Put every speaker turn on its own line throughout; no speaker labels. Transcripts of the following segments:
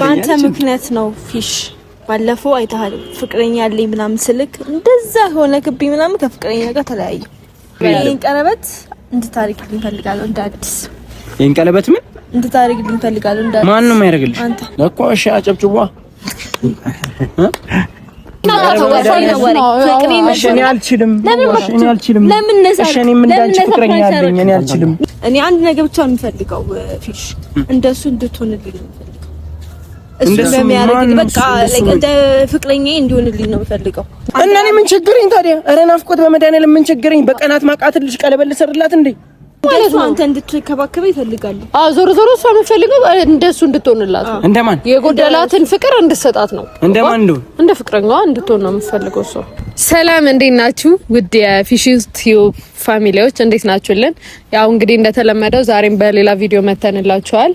በአንተ ምክንያት ነው ፊሽ ባለፈው አይተሃል። ፍቅረኛ ያለኝ ምናምን ስልክ እንደዛ የሆነ ግቢ ምናምን ከፍቅረኛ ጋር ተለያየ። ይህን ቀለበት እንድታደርግልኝ እፈልጋለሁ እንደ አዲስ።
ይህን ቀለበት ምን
እንድታደርግልኝ እፈልጋለሁ እንደ
አዲስ። ማን ነው የሚያደርግልሽ? አንተ እኮ እሺ። አጨብጭቧ እኔ አንድ
ነገር ብቻ የምፈልገው ፊሽ እንደሱ እንድትሆንልኝ እሱ ለሚያደርግ ነው የምፈልገው።
እና እኔ ምን ችግረኝ ታዲያ? ኧረ ናፍቆት በመድኃኒዓለም ምን ችግረኝ? በቀናት ማቃት ልጅ ቀለበት ልሰርላት እንዴ?
ማለት ነው አንተ እንድትከባከበ ይፈልጋሉ። አዎ ዞሮ ዞሮ እሷ የምትፈልገው እንደሱ እንድትሆንላት ነው። እንደማን የጎደላትን ፍቅር እንድትሰጣት ነው። እንደማን እንደሆነ እንደ ፍቅረኛዋ እንድትሆን ነው የምትፈልገው እሷ። ሰላም እንዴት ናችሁ? ውድ የፊሽስ ቲዩብ ፋሚሊዎች እንዴት ናችሁልን? ያው እንግዲህ እንደተለመደው ዛሬም በሌላ ቪዲዮ መተንላችኋል።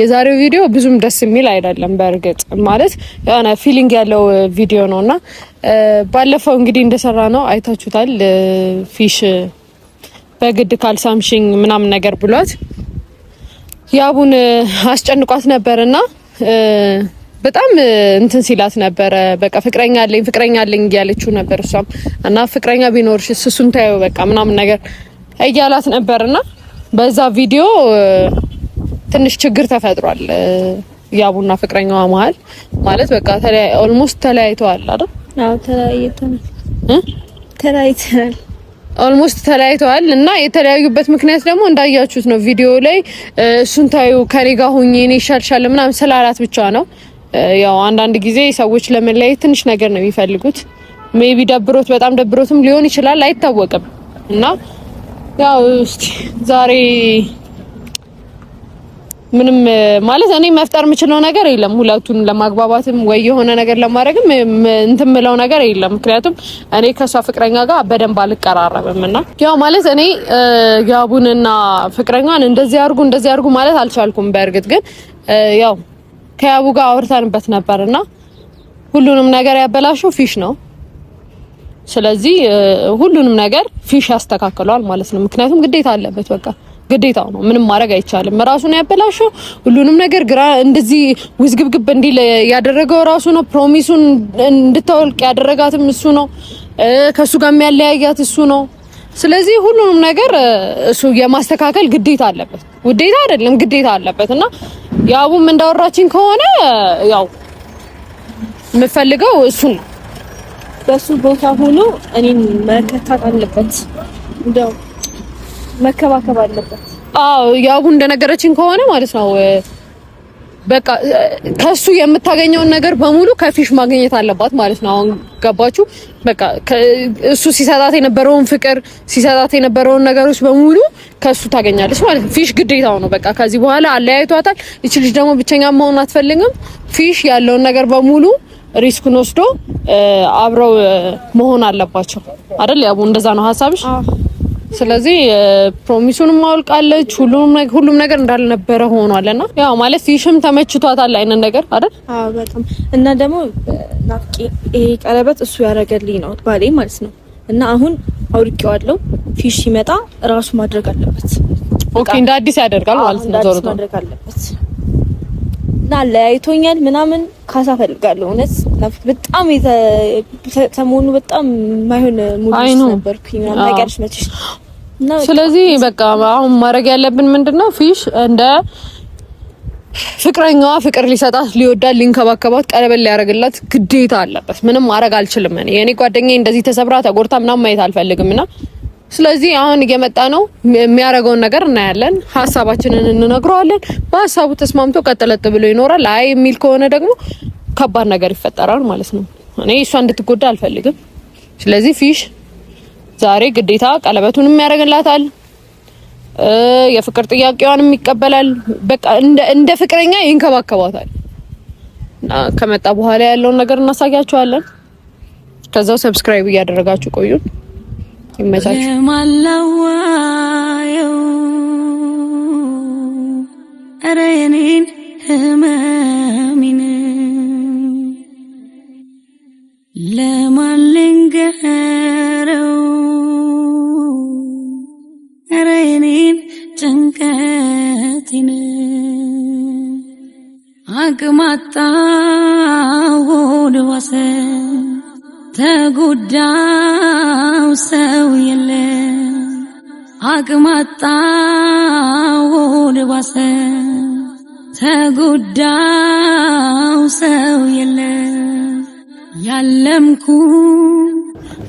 የዛሬው ቪዲዮ ብዙም ደስ የሚል አይደለም። በእርግጥ ማለት የሆነ ፊሊንግ ያለው ቪዲዮ ነው እና ባለፈው እንግዲህ እንደሰራ ነው አይታችሁታል። ፊሽ በግድ ካልሳምሽኝ ምናምን ነገር ብሏት ያቡን አስጨንቋት ነበር እና። በጣም እንትን ሲላት ነበረ። በቃ ፍቅረኛ አለኝ ፍቅረኛ አለኝ እያለችው ነበር እሷም እና ፍቅረኛ ቢኖርሽ እሱን ታየው በቃ ምናምን ነገር እያላት ነበርና በዛ ቪዲዮ ትንሽ ችግር ተፈጥሯል። ያቡና ፍቅረኛዋ መሀል ማለት በቃ ተለያይ ኦልሞስት ተለያይተዋል አይደል? አዎ ተለያይተናል ተለያይተናል ኦልሞስት ተለያይተዋል እና የተለያዩበት ምክንያት ደግሞ እንዳያችሁት ነው። ቪዲዮ ላይ እሱን ታዩ ከኔ ጋር ሁኚ እኔ ይሻልሻል ምናምን ስላላት ብቻ ነው። ያው አንዳንድ ጊዜ ሰዎች ለመለያየት ትንሽ ነገር ነው የሚፈልጉት። ሜቢ ደብሮት በጣም ደብሮትም ሊሆን ይችላል አይታወቅም። እና ያው እስቲ ዛሬ ምንም ማለት እኔ መፍጠር የምችለው ነገር የለም። ሁለቱን ለማግባባትም ወይ የሆነ ነገር ለማድረግም እንትን ምለው ነገር የለም። ምክንያቱም እኔ ከእሷ ፍቅረኛ ጋር በደንብ አልቀራረብም እና ያው ማለት እኔ ጋቡንና ፍቅረኛን እንደዚህ አድርጉ እንደዚህ አድርጉ ማለት አልቻልኩም። በእርግጥ ግን ያው ከያቡ ጋር አውርተንበት ነበር እና ሁሉንም ነገር ያበላሸው ፊሽ ነው። ስለዚህ ሁሉንም ነገር ፊሽ ያስተካክሏል ማለት ነው። ምክንያቱም ግዴታ አለበት፣ በቃ ግዴታው ነው። ምንም ማድረግ አይቻልም። ራሱ ነው ያበላሸው ሁሉንም ነገር። ግራ እንደዚህ ውዝግብግብ እንዲል ያደረገው ራሱ ነው። ፕሮሚሱን እንድታወልቅ ያደረጋትም እሱ ነው። ከእሱ ጋር የሚያለያያት እሱ ነው። ስለዚህ ሁሉንም ነገር እሱ የማስተካከል ግዴታ አለበት። ውዴታ አይደለም ግዴታ አለበት እና ያቡም እንዳወራችን ከሆነ ያው የምፈልገው እሱ ነው። በሱ ቦታ ሆኖ እኔን መከታት አለበት፣ እንደው መከባከብ አለበት። አዎ ያቡ እንደነገረችን ከሆነ ማለት ነው በቃ ከሱ የምታገኘውን ነገር በሙሉ ከፊሽ ማግኘት አለባት ማለት ነው። አሁን ገባችሁ? በቃ እሱ ሲሰጣት የነበረውን ፍቅር ሲሰጣት የነበረውን ነገሮች በሙሉ ከሱ ታገኛለች ማለት ነው። ፊሽ ግዴታው ነው። በቃ ከዚህ በኋላ አለያይቷታል። ይች ልጅ ደግሞ ብቸኛ መሆን አትፈልግም። ፊሽ ያለውን ነገር በሙሉ ሪስኩን ወስዶ አብረው መሆን አለባቸው አይደል? ያቡ እንደዛ ነው ሀሳብሽ? ስለዚህ ፕሮሚሱንም አውልቃለች። ሁሉም ነገር እንዳልነበረ ሆኗል። እና ያው ማለት ይሽም ተመችቷታል አይነት ነገር አይደል? አዎ በጣም እና ደግሞ ናፍቄ ይሄ ቀለበት እሱ ያደረገልኝ ነው ባሌ ማለት ነው። እና አሁን አውርቄዋለሁ። ፊሽ ሲመጣ እራሱ ማድረግ አለበት።
ኦኬ፣ እንደ አዲስ ያደርጋል ማለት ነው። ዞሮ
ማድረግ አለበት እና ለያይቶኛል ምናምን ካሳ ፈልጋለሁ። እውነት በጣም ሰሞኑ በጣም የማይሆን ሙድ ነበርኩኝ ምናምን ነገርሽ መችሽ ስለዚህ በቃ አሁን ማድረግ ያለብን ምንድነው ፊሽ እንደ ፍቅረኛዋ ፍቅር ሊሰጣት ሊወዳት ሊንከባከባት ቀለበል ሊያደርግላት ግዴታ አለበት። ምንም ማድረግ አልችልም እኔ ጓደኛ እንደዚህ ተሰብራ ተጎድታ ምናምን ማየት አልፈልግም እና ስለዚህ አሁን እየመጣ ነው የሚያደርገውን ነገር እናያለን፣ ሀሳባችንን እንነግረዋለን። በሀሳቡ ተስማምቶ ቀጠለጥ ብሎ ይኖራል። አይ የሚል ከሆነ ደግሞ ከባድ ነገር ይፈጠራል ማለት ነው። እኔ እሷ እንድትጎዳ አልፈልግም። ስለዚህ ፊሽ ዛሬ ግዴታ ቀለበቱንም ያደርግላታል፣ የፍቅር ጥያቄዋንም ይቀበላል። በቃ እንደ ፍቅረኛ ይንከባከባታል። እና ከመጣ በኋላ ያለውን ነገር እናሳያችኋለን። ከዛው ሰብስክራይብ እያደረጋችሁ ቆዩን። ይመቻችሁ። ኧረ የኔን ለማለኝ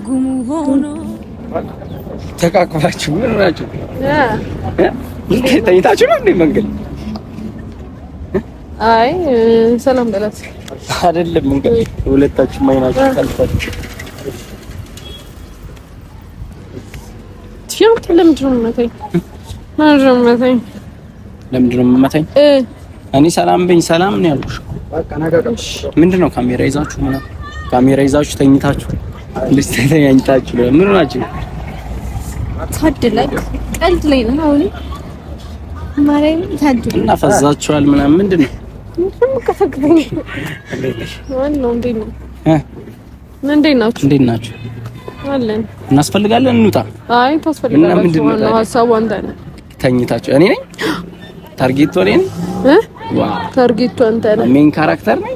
ጉሙ ሆኖ ተቃቅፋችሁ ምን ሆናችሁ? ተኝታችሁ ነው እንዴ? መንገድ
አይ ሰላም በላት
አይደለም። መንገድ ሁለታችሁ ማይናችሁ ካልፋችሁ
ለምንድን ነው ለምንድን ነው
ለምንድን ነው እኔ ሰላም በኝ ሰላም ነው ያልኩሽ። ምንድን ነው ካሜራ ይዛችሁ ምናምን ካሜራ ይዛችሁ ተኝታችሁ ልስተኛኝታችሁ ነው። ምን ሆናችሁ?
ታድለክ ቀልድ ላይ ነው አሁን ማረም ታድል
እና ፈዛችኋል ምናምን ምንድን ነው? እንዴት ናችሁ? አለን እናስፈልጋለን፣ እንውጣ።
አይ ታስፈልጋላችሁ
ተኝታችሁ እኔ ነኝ ታርጌቱ፣ እኔ ነኝ
ታርጌቱ፣ አንተ ነህ።
ሜን ካራክተር ነኝ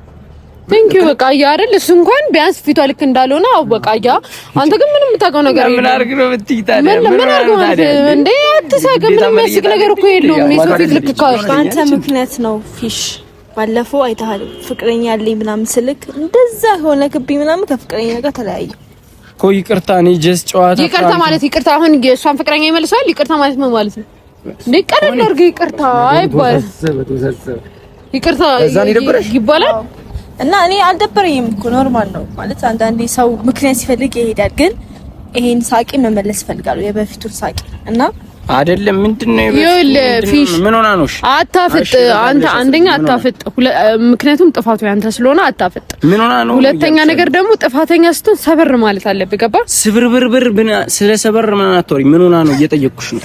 ቴንክ ዩ በቃ ያ አይደል እሱ እንኳን ቢያንስ ፊቷ ልክ እንዳልሆነ አው በቃ ያ አንተ ግን ምንም የምታውቀው ነገር የለም።
ምን አድርግ ነው የምትይታለህ?
ምን ምን አድርግ ማለት እንዴ? አትሳቅ። ምንም የሚያስቅ ነገር እኮ የለውም። የሰው ፊት ልክ በአንተ ምክንያት ነው ፊሽ ባለፈው አይተሃል። ፍቅረኛ ያለኝ ምናምን ስልክ እንደዛ ሆነ ክብኝ ምናምን ከፍቅረኛ ጋር ተለያየ
እኮ። ይቅርታ እኔ ጀስት ጨዋታ።
ይቅርታ ማለት ይቅርታ አሁን የእሷን ፍቅረኛ ይመልሰዋል። ይቅርታ ማለት ምን ማለት ነው? ይቅርታ ይባላል። ይቅርታ ይባላል። እና እኔ አልደበረኝም እኮ ኖርማል ነው ማለት አንዳንዴ ሰው ምክንያት ሲፈልግ ይሄዳል። ግን ይሄን ሳቂ መመለስ ፈልጋለሁ የበፊቱን ሳቂ እና
አይደለም ምንድነው ፊሽ ምን ሆና ነው?
አታፍጥ አንተ አንደኛ አታፍጥ። ምክንያቱም ጥፋቱ ያንተ ስለሆነ አታፍጥ። ምን ሆና ነው? ሁለተኛ ነገር ደግሞ ጥፋተኛ ስትሆን ሰበር ማለት አለብህ። ገባ
ስብርብርብር ስለ ሰበር ምን ሆና ነው እየጠየቅኩሽ ነው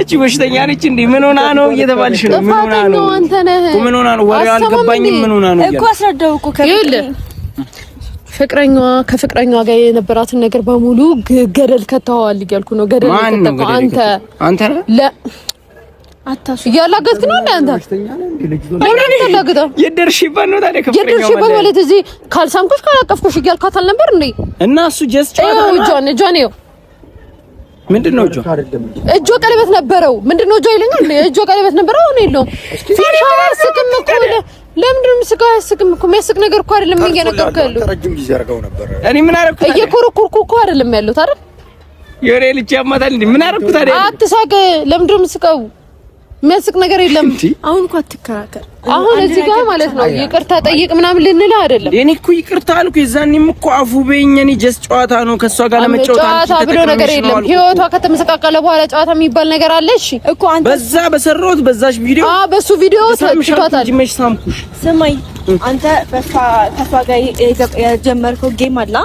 እቺ በሽተኛ ነች እንዴ? ምን ሆና ነው እየተባልሽ ነው? ምን ሆና ነው? ምን ሆና ነው? ወሬው አልገባኝም። ምን ሆና ነው
እኮ አስረዳው እኮ ፍቅረኛዋ ከፍቅረኛዋ ጋር የነበራትን ነገር በሙሉ ገደል ከተዋል እያልኩ ነው። ገደል ከተተው አንተ አንተ ለ አታሱ እያላገጥክ ነው እንዴ? አንተ ለምን ተላገጠው?
የደርሽበት ነው ታዲያ
ከፍቅረኛዋ የደርሽበት ማለት እዚህ ካልሳምኩሽ ካላቀፍኩሽ እያልካት አልነበር እንዴ?
እና እሱ ጀስት
ጨዋታ ነው። ጆን ጆን ይኸው ምንድነው እጆ እጆ ቀለበት ነበረው። ምንድነው እጆ ይለኛል። እጆ ቀለበት ነበረው። አሁን የለውም። ፊሻው አያስቅም እኮ ለምንድን ነው የሚስቀው? አያስቅም እኮ የሚያስቅ ነገር እኮ አይደለም። ምን ያለው ረጅም ጊዜ
አድርገው ነበር። እኔ ምን አደረኩት?
እየኮረኮርኩ እኮ አይደለም ያለሁት አይደል?
የሆነ ልጅ ያማታል። ምን አደረኩት?
አትሳቅ። ለምንድን ነው የሚስቀው? የሚያስቅ ነገር የለም። አሁን እኮ አትከራከር። አሁን እዚህ ጋር ማለት ነው ይቅርታ ጠይቅ ምናምን ልንላ አይደለም።
እኔ እኮ ይቅርታ አልኩ። የዛኔም እኮ አፉ በይኝ። ጀስ ጀስት ጨዋታ ነው ከሷ ጋር ለመጫወት
ጨዋታ ብሎ ነገር የለም። ህይወቷ ከተመሰቃቀለ በኋላ ጨዋታ የሚባል ነገር አለ? እሺ እኮ አንተ
በዛ በሰራሁት በዛሽ ቪዲዮ
አ በሱ ቪዲዮ
ተጥቷታል። ጅመሽ ሳምኩሽ።
ስማይ አንተ ከሷ ጋር የጀመርከው ጌም አላ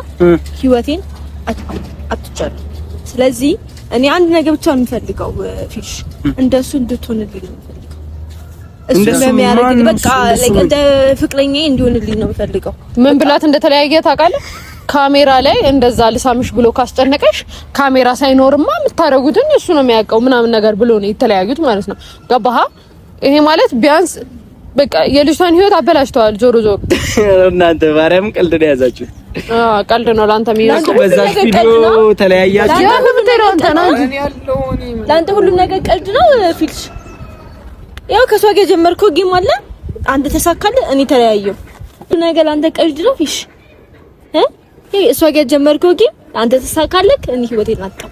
ህይወቴን አትጫወት። ስለዚህ እኔ አንድ ነገር ብቻ ነው የምፈልገው፣ ፊሽ እንደሱ እንድትሆንልኝ ነው እንደ ፍቅረኛ እንዲሆንልኝ ነው የምፈልገው። ምን ብላት እንደተለያየ ታውቃለህ? ካሜራ ላይ እንደዛ ልሳምሽ ብሎ ካስጨነቀሽ ካሜራ ሳይኖርማ የምታደርጉትን እሱ ነው የሚያውቀው ምናምን ነገር ብሎ ነው የተለያዩት ማለት ነው። ገባህ? ይሄ ማለት ቢያንስ በቃ የልጅቷን ህይወት አበላሽተዋል። ዞሮ ዞሮ
እናንተ ማርያም ቀልድ ነው የያዛችሁ።
አዎ ቀልድ ነው። ላንተ የሚያውቁ
በዛ ቪዲዮ ተለያያችሁ።
ላንተ ሁሉም ነገር ቀልድ ነው። ፊልሽ ያው ከሷ ጋር የጀመርከው ጌም አለ። አንተ ተሳካለ፣ እኔ ተለያየሁ። ሁሉ ነገር ላንተ ቀልድ ነው። ፊልሽ እሷ ጋር የጀመርከው ጌም አንተ ተሳካለክ፣ እኔ ህይወቴን አጣሁ።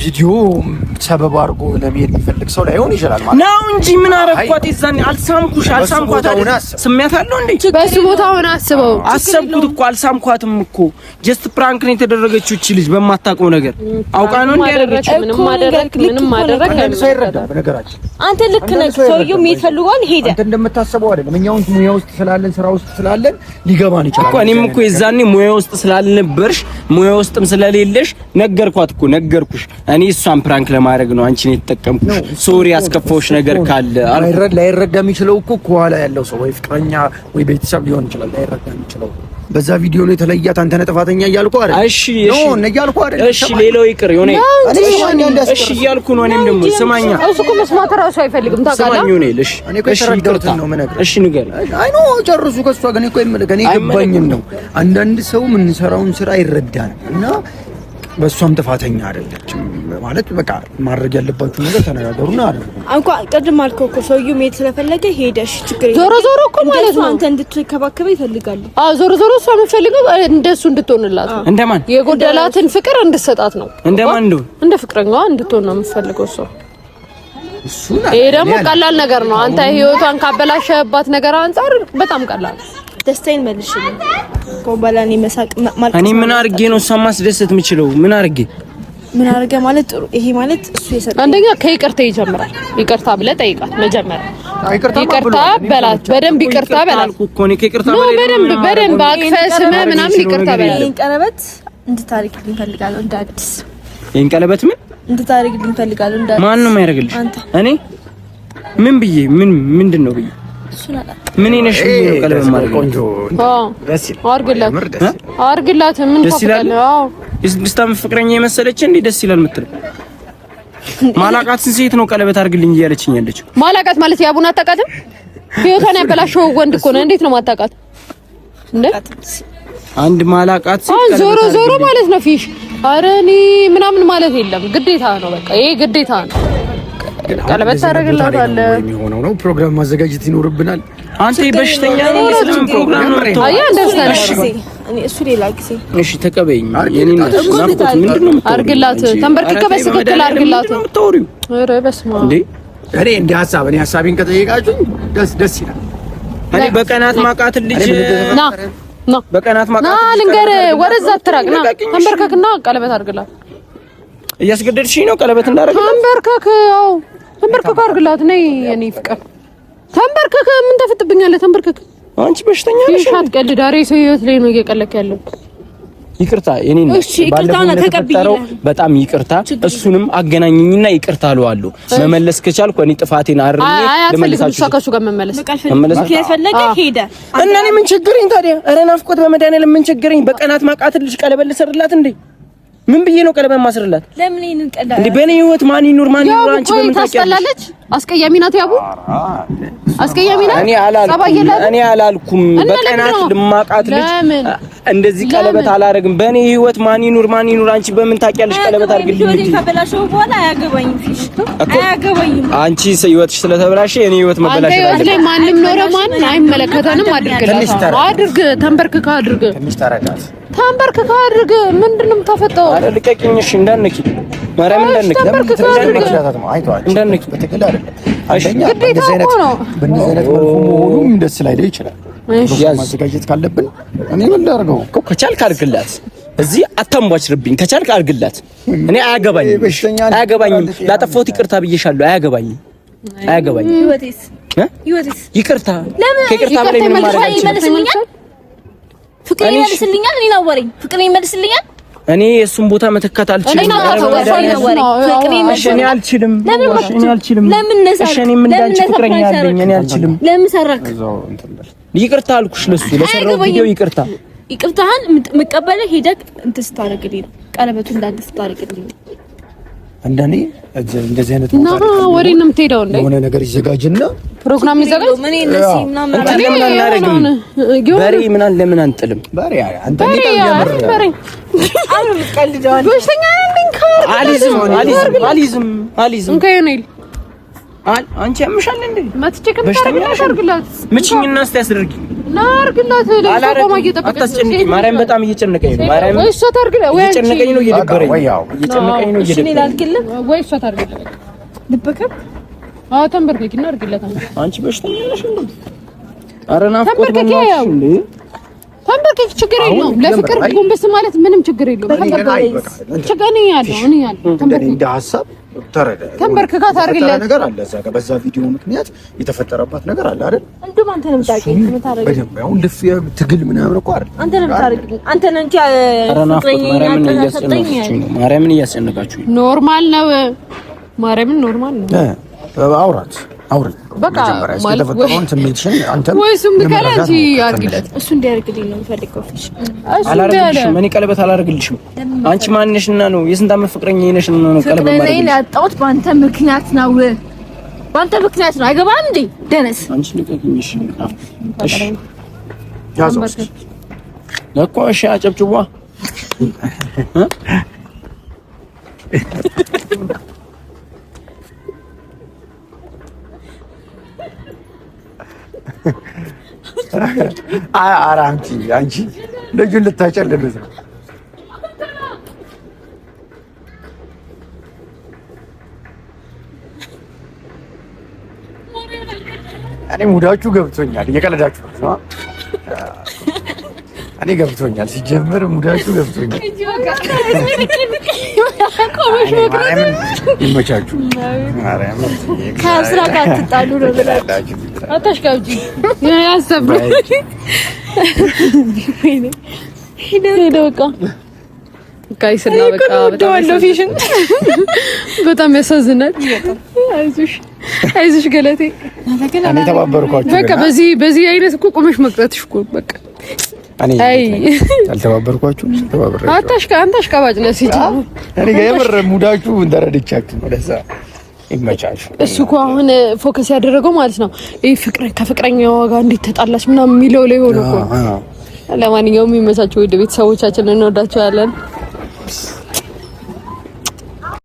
ቪዲዮ ሰበብ አድርጎ ለመሄድ የሚፈልግ ሰው ላይሆን ይችላል
ማለት ነው እንጂ ምን አረኳት? የዛኔ አልሳምኩሽ፣ አልሳምኳት አይደል? ስሜት አለው እንዴ? በሱ ቦታ ሆነ አስበው፣
አሰብኩት እኮ አልሳምኳትም እኮ ጀስት ፕራንክ ነው የተደረገችው። እቺ ልጅ በማታውቀው ነገር አውቃ ነው እንዴ ያደረገችው?
ምንም ማደረግ ምንም ማደረግ
ሰው ይረዳ በነገራችን
አንተ ልክ ነህ። ሰውየው የሚፈልገውን ሄደ። አንተ
እንደምታስበው አይደለም። እኛውን ሙያ ውስጥ ስላለን ስራ ውስጥ ስላለን ሊገባን ይችላል እኮ እኔም እኮ የዛኔ ሙያ ውስጥ ስላልነበርሽ ሙያ ውስጥም ስለሌለሽ ነገርኳት እኮ ነገርኩሽ እኔ እሷን ፕራንክ ለማድረግ ነው አንቺን የተጠቀምኩሽ። ሶሪ ያስከፋውሽ ነገር ካለ ላይረዳ የሚችለው እኮ ከኋላ ያለው ሰው ወይ ፍቅረኛ ወይ ቤተሰብ ሊሆን ይችላል። ላይረዳ የሚችለው በዛ ቪዲዮ ላይ ተለያት አንተ ነጥፋተኛ ጥፋተኛ እያልኩ አይደል? እሺ እሺ ነው እያልኩ አይደል? እሺ ሌላው ይቅር ይሆነ እሺ እያልኩ ነው። እኔም ደግሞ ስማኛ፣
እሱ እኮ መስማት እራሱ አይፈልግም ታውቃለህ።
ስማኝ ነው ልሽ እኔ እኮ ይቅርታ ነው ምነግር። እሺ ንገር። አይ ኖ ጨርሱ ከሷ ግን እኮ ይመልከኝ ይገባኝ ነው። አንዳንድ ሰው የምንሰራውን ስራ ይረዳል እና በእሷም ጥፋተኛ አይደለችም ማለት በቃ ማድረግ ያለባችሁ ነገር ተነጋገሩና አለ
እንኳ ቅድም አልከው እኮ ሰውዬው መሄድ ስለፈለገ ሄደሽ ችግር ዞሮ ዞሮ እኮ ማለት ነው አንተ እንድትከባከበ ይፈልጋሉ ዞሮ ዞሮ እሷ የምትፈልገው እንደሱ እንድትሆንላት ነው እንደማን የጎደላትን ፍቅር እንድትሰጣት ነው እንደማን እንደሆነ እንደ ፍቅረኛዋ እንድትሆን ነው የምትፈልገው እሷ ይሄ ደግሞ ቀላል ነገር ነው አንተ ህይወቷን ካበላሸባት ነገር አንጻር በጣም ቀላል ደስታዬን መልሽልኝ። በኋላ እኔ መሳቅ
እኔ ምን አድርጌ ነው እሷን ማስደሰት የምችለው? ምን አድርጌ
ምን አድርጌ ማለት ጥሩ ይሄ ማለት እሱ የሰጠው አንደኛ ከይቅርታ ይጀምራል። ይቅርታ ብለህ ጠይቃት መጀመሪያ ይቅርታ በላት። በደንብ ይቅርታ በላት
እኮ ነው። ከይቅርታ
በላይ በደንብ በደንብ አቅፈህ ስመህ ምናምን ይቅርታ በላት። ይሄን ቀለበት እንድታደርግልኝ እፈልጋለሁ እንደ አዲስ።
ይሄን ቀለበት ምን
እንድታደርግልኝ እፈልጋለሁ እንደ
አዲስ። ማን ነው አንተ እኔ ምን ብዬ ምን ምንድን ነው ብዬ ምን ነሽ? ቀለበት
ማድረግ ቆንጆ አድርግላት።
ደስ ይላል? ስድስት ፍቅረኛ የመሰለች እንዴ ደስ ይላል የምትለው ማላቃትን ሴት ነው ቀለበት አድርግልኝ እያለችኝ ያለችው።
ማላቃት ማለት ያቡን አታውቃትም። ህይወቷን ያበላሸው ወንድ እኮ ነው። እንዴት ነው ማታውቃት
አንድ ማላቃት
ዞሮ ዞሮ ማለት ነው ፊሽ አረ እኔ ምናምን ማለት የለም ግዴታ ነው። በቃ ይሄ ግዴታ ነው። ቀለበት ታደርግላታለህ የሚሆነው ነው። ፕሮግራም
ማዘጋጀት ይኖርብናል። አንተ በሽተኛ ነው።
ፕሮግራም ነው። እሱ ሌላ ጊዜ
እሺ፣ ተቀበይኝ።
አርግላት፣ ተንበርክከህ በስትክክል አርግላት።
እኔ እንደ ሀሳብ እኔ ሀሳቤን ከጠየቃችሁ ደስ ደስ ይላል። እኔ በቀናት ማቃት ልጅ
ና ና በቀናት ማቃት ና ልንገርህ፣ ወደዛ አትራቅ። ና ተንበርከክና ቀለበት አድርግላት።
እያስገደድሽኝ ነው ቀለበት እንዳደረግላት።
ተንበርከክ። አዎ ተንበርከክ አድርግላት። ነይ የኔ ፍቅር ተንበርከክ። ምን ተፈጥብኛለህ? ተንበርከክ። አንቺ በሽተኛ ነሽ። አትቀልድ። ዳሬ ሰው ህይወት ላይ ነው እየቀለክ ያለው።
ይቅርታ የኔ ነው። እሺ በጣም ይቅርታ። እሱንም አገናኝኝና ይቅርታ አለዋለሁ። መመለስ ከቻልኩ እኔ ጥፋቴን አርሜ
ልመለሳችሁ። ከእሱ ጋር መመለስ መመለስ ከፈለገ ሄደ
እና እኔ ምን ችግረኝ ታዲያ? ኧረ ናፍቆት በመድኃኒዓለም ምን ችግረኝ? በቀናት ማቃትልሽ ቀለበል ሰርላት እንዴ ምን ብዬ ነው ቀለበት ማስርላት? ለምን ይሄንን ቀላል እንዴ? በእኔ ህይወት ማን ይኑር ማን
ይኑር? አንቺ በምን ታስጠላለች? አስቀያሚ ናት ያቡ፣ አስቀያሚ ናት።
እኔ አላልኩም እኔ አላልኩም። በቀናት ልማቃት ልጅ እንደዚህ ቀለበት አላረግም። በእኔ ህይወት ማን ይኑር ማን ይኑር? አንቺ በምን ታውቂያለሽ? ቀለበት አድርግልኝ
እንጂ ተበላሽው በኋላ አያገባኝም። እሺ አያገባኝም።
አንቺ ህይወትሽ ስለተበላሸ እኔ ህይወት መበላሽ
አይደለም። አንቺ ህይወት ማንም ኖረ ማን አይመለከተንም። አድርግላት፣ አድርግ፣ ተንበርክካ አድርግ። ትንሽ ታረጋት ተንበርክካ አድርግ። ምንድንም ተፈጠው የምታፈጠው?
አረ ልቀቂኝ! እሺ እንዳንኪ ማርያም እንዳንኪ ማዘጋጀት ካለብን እኔ ምን ላድርገው? ከቻልክ አድርግላት እዚህ አታንቧጭርብኝ። ከቻልክ አድርግላት። እኔ አያገባኝም፣ አያገባኝም። ላጠፋሁት ይቅርታ ብዬሻለሁ። አያገባኝም፣ አያገባኝም። ይቅርታ ከይቅርታ በላይ ምንም ማድረግ
ፍቅሬን ይመልስልኛል? እኔን አወረኝ። ፍቅሬን ይመልስልኛል?
እኔ የእሱን ቦታ መተካት አልችልም። ይቅርታ አልኩሽ። ለሱ ለሰራው ቪዲዮ ይቅርታ።
ይቅርታህን የምቀበልህ ሄደህ እንትን ስታደርግልኝ ቀለበቱ እንዳንተ ስታደርግልኝ
እንደኔ እንደዚህ አይነት
ነው የምትሄደው። እንደ
የሆነ ነገር ይዘጋጅና
ፕሮግራም ይዘጋጅ። ምን እነዚህ
ለምን አንጥልም? በሬ
አንተ በሬ
አንቺ ያምሻል እንዴ? መጥቼ ከመታረግላሽ አርግላት ምችኝና እስቲ ያስደርጊ
ላርግላት
ለቆማ እየጠበቀች አታስጨንቂ። ማርያም በጣም እየጨነቀኝ
ነው። ማርያም ወይ እሷ ታርግላ፣
ወይ አንቺ እየጨነቀኝ ነው፣ እየደበረኝ እየጨነቀኝ ነው። እሺ
ላልክልህ ወይ እሷ ታርግላት ልበከብ አዎ ተንበርከኪና አርግላት
አንቺ በሽተኛ ነሽ እንዴ? ኧረ ናፍቆት ነው እንዴ
በጣም ችግር የለውም። ለፍቅር ጎንበስ ማለት ምንም ችግር የለውም። ችግር ያለው እኔ
ያለው እንደ ሀሳብ ተረዳ
ተንበርክካ ታርግለት
ነገር አለ። እዛ ጋር በዛ ቪዲዮ ምክንያት የተፈጠረባት ነገር አለ አይደል?
እንደውም አንተ ነው የምታውቂው። በደንብ
አሁን ልፍ ትግል ምናምን እኮ አይደል?
አንተ ነው የምታርግልኝ። አንተ ነው እንጂ
ማርያምን እያስጨነቃችሁ
ኖርማል ነው። ማርያምን ኖርማል ነው
አውራት አውሪ በቃ የተፈጠረውን ስሜትሽን አንተ
እሱ እንዲያደርግልኝ ነው የምፈልገው።
አላደርግልሽም፣ እኔ ቀለበት አላደርግልሽም። አንቺ እና ነው የስንት ዓመት ፍቅረኛ ነሽ? ፍቅረኛዬን
ያጣሁት በአንተ ምክንያት ነው። በአንተ ምክንያት ነው። አይገባም እንዴ ደነስ
አንቺ እሺ፣ አጨብጭቧ ኧረ አንቺ አንቺ ልጁን ልታጨልሉት ነው። እኔ ሙዳችሁ ገብቶኛል። እየቀለዳችሁ ነው። እኔ ገብቶኛል። ሲጀምር ሙዳችሁ ገብቶኛል። ይመቻችሁ።
ከስራ ጋር ትጣሉ ነው ብላችሁ አታሽ በጣም ያሳዝናል። አይዞሽ ገለቴ በቃ በዚህ በዚህ አይነት እኮ ቆመሽ መቅጣትሽ እኮ በቃ
አልተባበርኳችሁም።
አንተ አሽቃባጭ ነህ። ሲጀምር
እኔ የምር ሙዳችሁ ነው ይመቻችሁ።
እሱ እኮ አሁን ፎከስ ያደረገው ማለት ነው ይህ ፍቅር ከፍቅረኛ ዋጋ እንዴት ተጣላች ምናምን የሚለው ላይ ሆኖ እኮ። ለማንኛውም ይመቻችሁ። ወደ ቤተሰቦቻችን እንወዳቸዋለን።